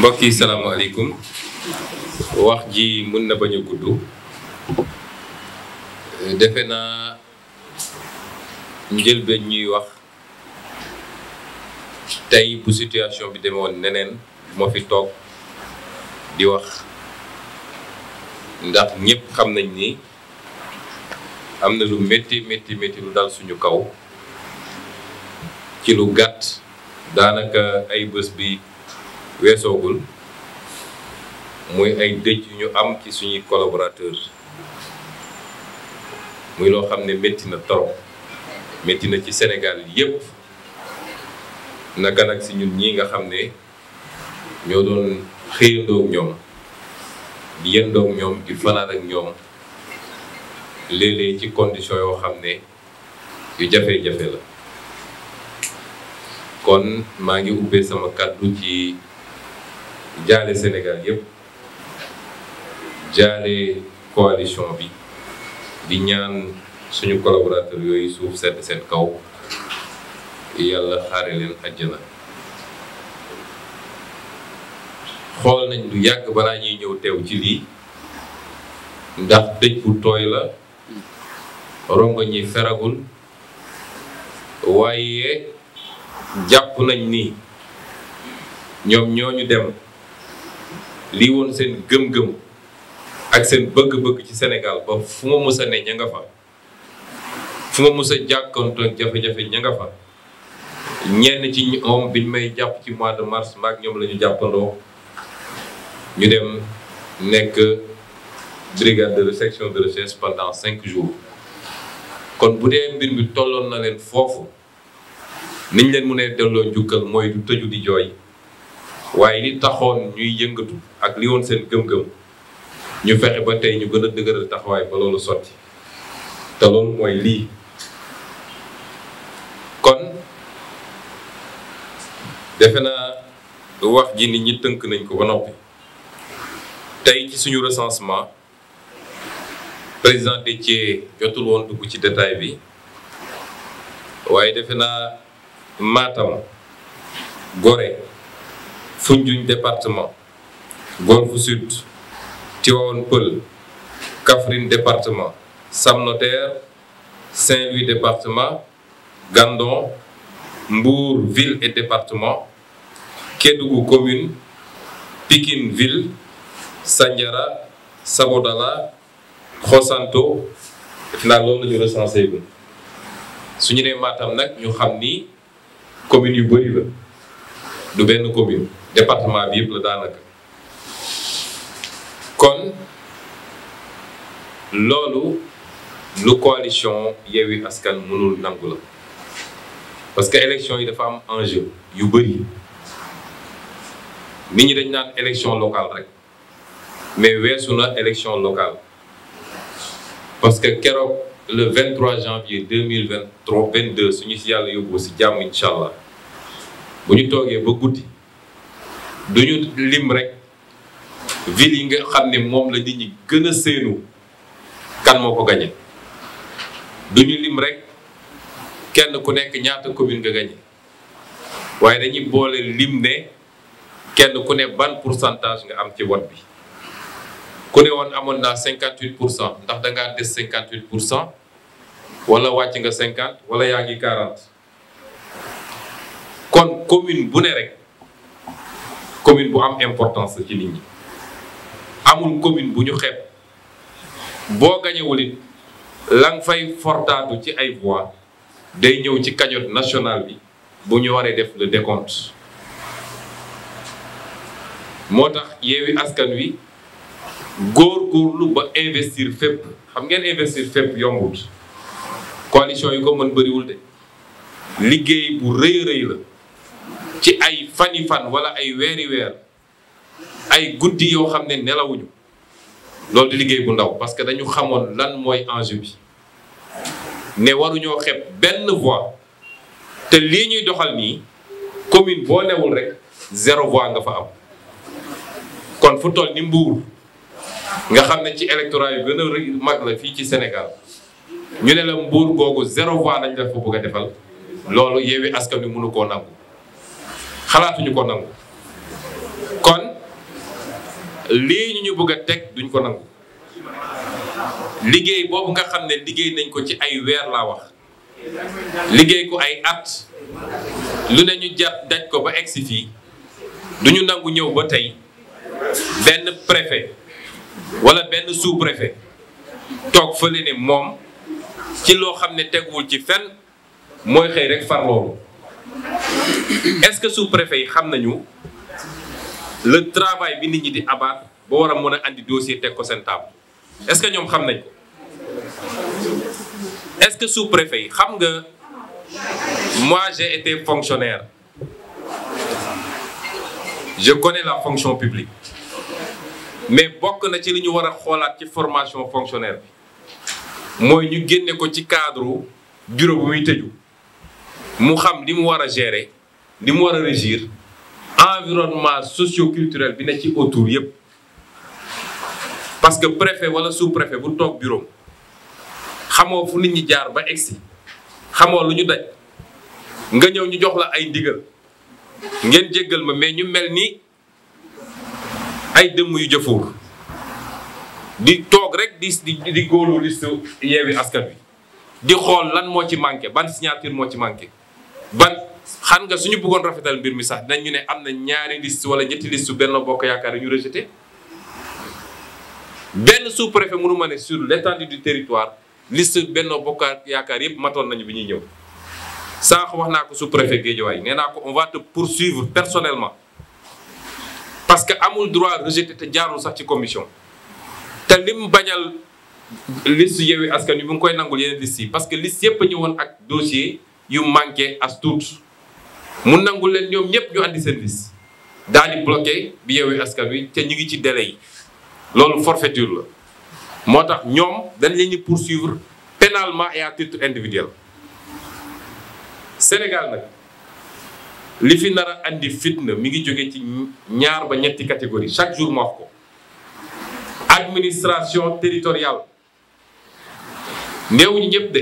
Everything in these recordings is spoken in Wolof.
mbokk yi salaamaaleykum wax ji mën na ba a gudd euh, defe naa njëlbeen ñuy wax tey bu situation bi demewoon neneen moo fi toog di wax ndax ñëpp xam nañ ni am na lu métti métti métti lu dal suñu kaw ci lu gàtt daanaka ay bés bi weesoogul muy ay dëj ñu am ci suñuy collaborateur muy loo xam ne metti na torop métti na ci Sénégal yépp na nag si ñun ñi nga xam ne ñoo doon xëyandoog ñoom di ñoom di fanaan ak ñoom léeg ci condition yoo xam ne yu jafe-jafe la kon maa ngi ubbee sama kàddu ci jaale Sénégal yépp jaale coalition bi di ñaan suñu collaborateur yooyu suuf sedd set kaw yàlla xaare leen àjjana xool nañ du yàgg balaa ñuy ñëw teew ci lii ndax dëj bu tooy la rongo ñi feragul waaye jàpp nañ ni ñoom ñooñu dem lii woon seen gëm-gëm ak seen bëgg-bëgg ci senegal ba fu ma mës a ne ña nga fa fu ma mës a jafe-jafe ña fa ñenn ci ñoom biñ may jàpp ci mois de mars maag ñoom lañu ñu ñu dem nekk brigade de section de recherche pendant cinq jours kon bu dee mbir mi tolloon na leen foofu niñ leen mu ne delloo njukkal mooy du tëju di jooy waaye li taxoon ñuy yëngatu ak li woon seen gëm-gëm ñu fexe ba tey ñu gën a dëgëral taxawaay ba loolu sotti te loolu mooy lii kon defe naa wax ji nit ñi tënk nañ ko ba noppi tey ci suñu recensement président Déthié jotul woon dugg ci détail bi waaye defe naa Matam gore Foundiougne département Golf Sud Tivaouane Peulh Kaffrine département Sam Notaire Saint-Louis département Gandon Mbour ville et département Kédougou commune Pikine ville Sandiara Sabodala Xosanto def naa loolu la ñu recensé su ñu nee Matam nag ñu xam ni commune yu bëri la du benn commune département bi yëpp la daanaka kon loolu lu coalition Yewwi Askan mënul nangu la parce que élection yi dafa am enjeu yu bëri nit ñi dañ naan élection local rek mais weesu na élection locale parce que keroog le 23 janvier 2023 22 suñu si yàlla yóbbu si jàmm incha allah bu ñu toogee ba guddi du ñu lim rek ville yi nga xam ne moom la nit ñi gën a séenu kan moo ko gañe du ñu lim rek kenn ku nekk ñaata commune nga gañe waaye dañuy boole lim ne kenn ku ne ban pourcentage nga am ci vote bi ku ne woon amoon naa 58 pour cent ndax da ngaa des 58 pour cent wala wàcc nga 50 wala yaa ngi 40 kon commune bu ne rek commune bu am importance ci nit amul commune bu ñu xeeb boo gañewul it la fay fortaatu ci ay voix day ñëw ci cagnotte nationale bi bu ñu waree def le décompte moo tax Yewwi Askan Wi. góorgóorlu ba investir fépp xam ngeen investir fépp yombut coalition yi ko mën bëriwul de liggéey bu rëy rëy la ci ay fani fan wala ay weeri weer ay guddi yoo xam ne nelawuñu loolu di liggéey bu ndaw parce que dañu xamoon lan mooy enjeu bi ne waruñoo xeeb benn voix te lii ñuy doxal nii commune boo newul rek zéro voix nga fa am kon fu toll ni Mbour nga xam ne ci électorat yu gën a mag la fii ci senegal ñu ne la mbuur googu zéro voix lañ la fa bëgg defal loolu Yewwi Askan bi mënu koo nangu xalaatuñu ko nangu kon lii ñu ñu bëgg a teg duñ ko nangu liggéey boobu nga xam ne liggéey nañ ko ci ay weer laa wax liggéey ko ay at lu ne ñu jàpp daj ko ba egsi fii duñu nangu ñëw ba tey benn préfet wala benn sous-préfet toog fële ne moom ci loo xam ne teguwul ci fenn mooy xëy rek far loolu est-ce que sous-préfet yi xam nañu le travail bi nit ñi di abaat ba war a mën a andi dossier teg ko seen table est-ce que ñoom xam nañ est-ce que sous-préfet yi xam nga mois j'ai été fonctionnaire je connais la fonction publique mais bokk na ci li ñu war a xoolaat ci formation fonctionnaire bi mooy ñu génne ko ci cadre bureau bu muy tëju mu xam li mu war a gérer li mu war a régir environnement socio-culturel bi ne ci autour yépp parce que préfet wala sous-préfet bu toog bureau xamoo fu nit ñi jaar ba egsi xamoo lu ñu daj nga ñëw ñu jox la ay ndigal ngeen jéggal ma mais ñu mel ni ay dëmm yu jëfuur di toog rek di di di góolu liste yeewi askan wi di xool lan moo ci manqué ban signature moo ci manqué ban xan nga suñu buggoon rafetal mbir mi sax dañu ne am na ñaari liste wala ñetti list benn bokk yaakaar ñu rejeté benn sous-préfet mënu ma ne sur l'étendue du territoire liste benn bokk yaakaar yëpp matoon nañu bi ñuy ñëw sànq wax naa ko sous-préfet Guédiawaye nee naa ko on va te poursuivre personnellement parce que amul droit rejeté te jaarul sax ci commission te lim bañal liste Yewwi Askan Wi mu ngi koy nangul yeneen liste yi parce que liste yëpp a ñëwoon ak dossier yu manqué as tuut mu nangul leen ñoom ñëpp ñu andi seen liste daal di bloqué bi Yewwi Askan Wi te ñu ngi ci délai yi loolu forfaiture la moo tax ñoom dañ leen ñu poursuivre pénalement et à titre individuel Sénégal nag li fi nar a andi fitna mi ngi jóge ci ñaar ba ñetti catégorie chaque jour mu wax ko administration territoriale néewuñu ñëpp de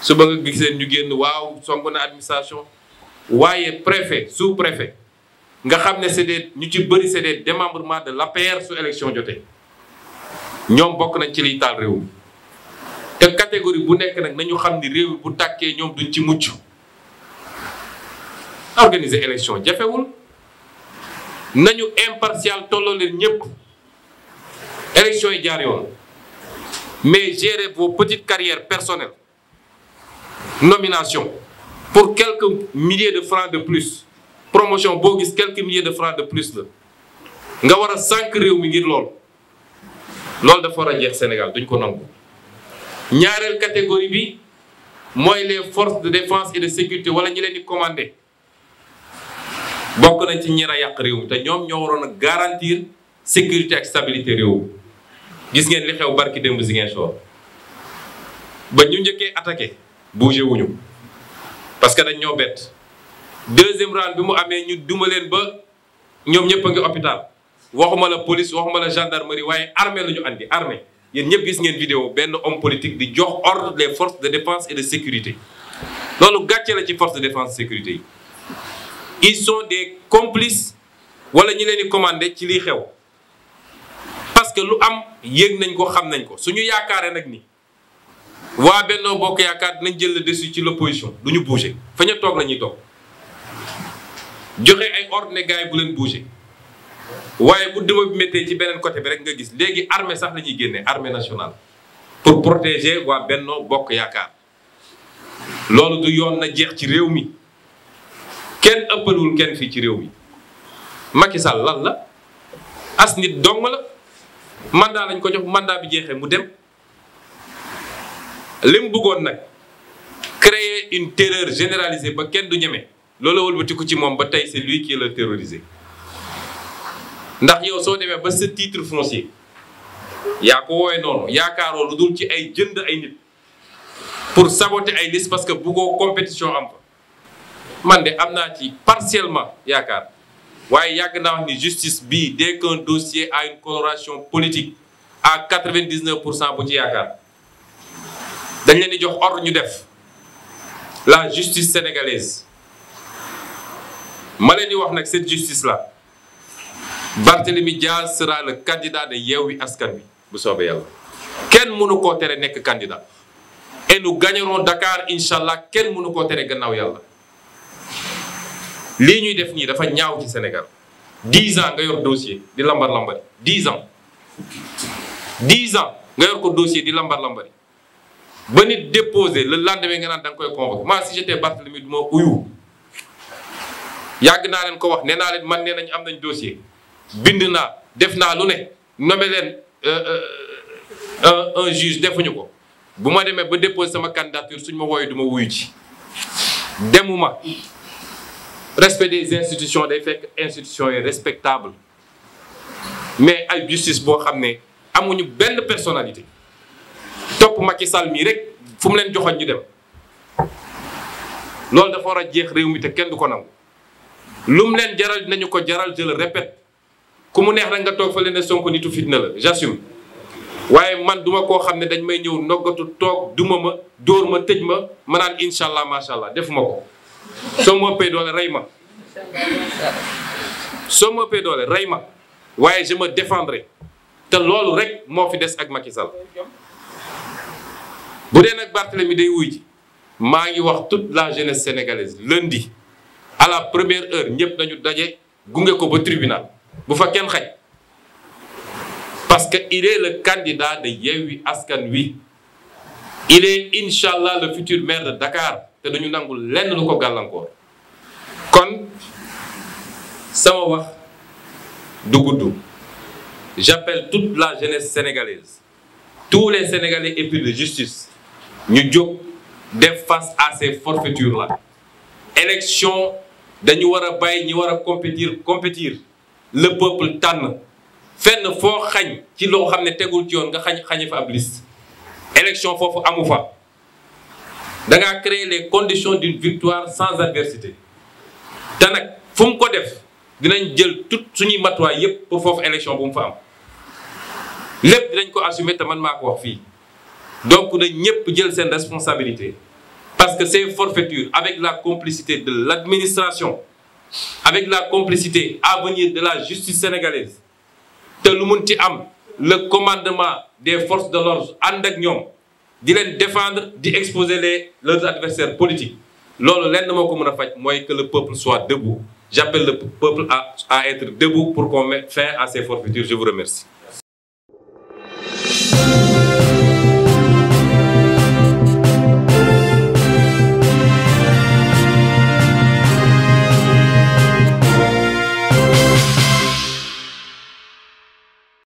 su ba nga gisee ñu génn waaw song na administration waaye préfet sous préfet nga xam ne c'est des ñu ci bëri c'est des démembrements de l'APR su élection jotee ñoom bokk nañ ci liy taal réew mi te catégorie bu nekk nag nañu xam ni réew bu tàkkee ñoom duñ ci mucc organiser élection jafewul nañu impartial tolloo leen ñëpp élection yi jaar yoon mais gérer vos petites carrières personnelles nomination pour quelques milliers de francs de plus promotion boo gis quelque milliers de francs de plus la nga war a sànq réew mi ngir lool loolu dafa war a jeex Sénégal duñ ko nangu ñaareel catégorie bi mooy les forces de défense et de sécurité wala ñi leen di commandé bokk nañ ci ñi a yàq réew mi te ñoom ñoo waroon a garantir sécurité ak stabilité réew gis ngeen li xew barki si ngeen Ziguinchor ba ñu njëkkee attaqué bougé wuñu parce que dañ ñoo bett deuxième round bi mu amee ñu duma leen ba ñoom ñëpp a ngi hôpital waxuma la police waxuma la gendarmerie waaye armée la ñu andi armée yéen ñëpp gis ngeen vidéo benn homme politique di jox ordre les forces de défense et de sécurité loolu gàccee la ci forces de défense sécurité ils sont des complices wala ñi leen di commandé ci liy xew parce que lu am yéeg nañ ko xam nañ ko suñu yaakaaree nag ni waa Benno Bokk Yaakaar dinañ jël le dessus ci l'opposition du ñu bouger fa toog la ñuy toog joxe ay ordre ne gars bu leen bouger waaye bu duma bi méttee ci beneen côté bi rek nga gis léegi armée sax lañuy ñuy génnee armée nationale pour protéger waa Benno Bokk Yaakaar loolu du yoon na jeex ci réew mi kenn ëppalul kenn fii ci réew mi Macky Sall lan la as nit dong la man mandat lañ ko jox mandat bi jeexee mu dem li buggoon bëggoon nag créer une téereur généralisée ba kenn du ñeme loolu ko ci moom ba tey c'est lui qui est le ndax yow soo demee ba sa titre foncier yaa ko woowee noonu yaakaaroo lu dul ci ay jënd ay nit pour saboter ay liste parce que bëggoo compétition am man de am naa ci partiellement yaakaar waaye yàgg naa wax ni justice bii dès qu'un dossier a une coloration politique à quatre-vingt-dix-neuf pour cent bu ci yaakaar dañ leen di jox ordre ñu def la justice sénégalaise ma leen di wax nag cette justice là Barthélémy jaar sera le candidat yeew wi Askan Wi bu soobee yàlla kenn mënu koo tere nekk candidat et nous dakaar Dakar incha allah kenn mënu koo tere gannaaw yàlla lii ñuy def nii dafa ñaaw ci Sénégal dix ans nga yor dossier di lambar lambari dix ans dix ans nga yor ko dossier di lambar lambari ba nit déposé la lendemain nga naan da nga koy convoqué man si j'étais Barthélemy du ma uyu yàgg naa leen ko wax nee naa leen man nee nañ am nañ dossier bind naa def naa lu ne nommé leen euh, euh, euh, un juge defuñu ko bu ma demee ba déposé sama candidature suñ ma wooyu du ma wuyu ci demuma respect des institutions day fekk institutions yi respectable mais ay justice boo xam ne amuñu benn personnalité topp Macky Sall mii rek fu mu leen joxoon ñu dem loolu dafa war a jeex réew mi te kenn du ko nangu lu mu leen jaral nañu ko jaral je le répète ku mu neex rek nga toog fa leen ne Sonko nitu fitna la j'assume waaye man duma koo xam ne dañ may ñëw noggatu toog duma ma dóor ma tëj ma ma naan incha allah macha allah defuma ko. soo ma doole rey ma soo ma doole rey ma waaye je me te loolu rek moo fi des ak Macky Sall bu dee nag Barthélemy day wuy ji maa ngi wax toute la jeunesse sénégalaise lundi à la première heure ñëpp dañu daje gunge ko ba tribunal bu fa kenn xaj parce que il est le candidat de Askan Wi il est incha allah le futur maire de Dakar te duñu nangul lenn lu ko gàllankoor kon sama wax du gudd j'appelle toute la jeunesse sénégalaise tous les sénégalais épris de justice ñu jóg def face à ces forfaitures là élection dañu war a bàyyi ñi war a compétir compétir le peuple tànn fenn foo xañ ci loo xam ne tegul ci yoon nga xañ xañe fa ab liste élection foofu amu fa da ngaa créer les conditions du victoire sans adversité te nag fu mu ko def dinañ jël tout suñuy matuwaay yépp ba foofu élection bu mu fa am lépp dinañ ko assumer te man maa ko wax fii donc na ñëpp jël seen responsabilité parce que ces forfaitures avec la complicité de l'administration avec la complicité à venir de la justice sénégalaise te lu mun ci am le commandement des forces de l'ordre ànd ak ñoom di leen défendre di exposer les leurs adversaires politiques loolu lenn moo ko mën a faj mooy que le peuple soit debout j'appelle le peuple à à être debout pour qu'on mette fin à ces forfaitures je vous remercie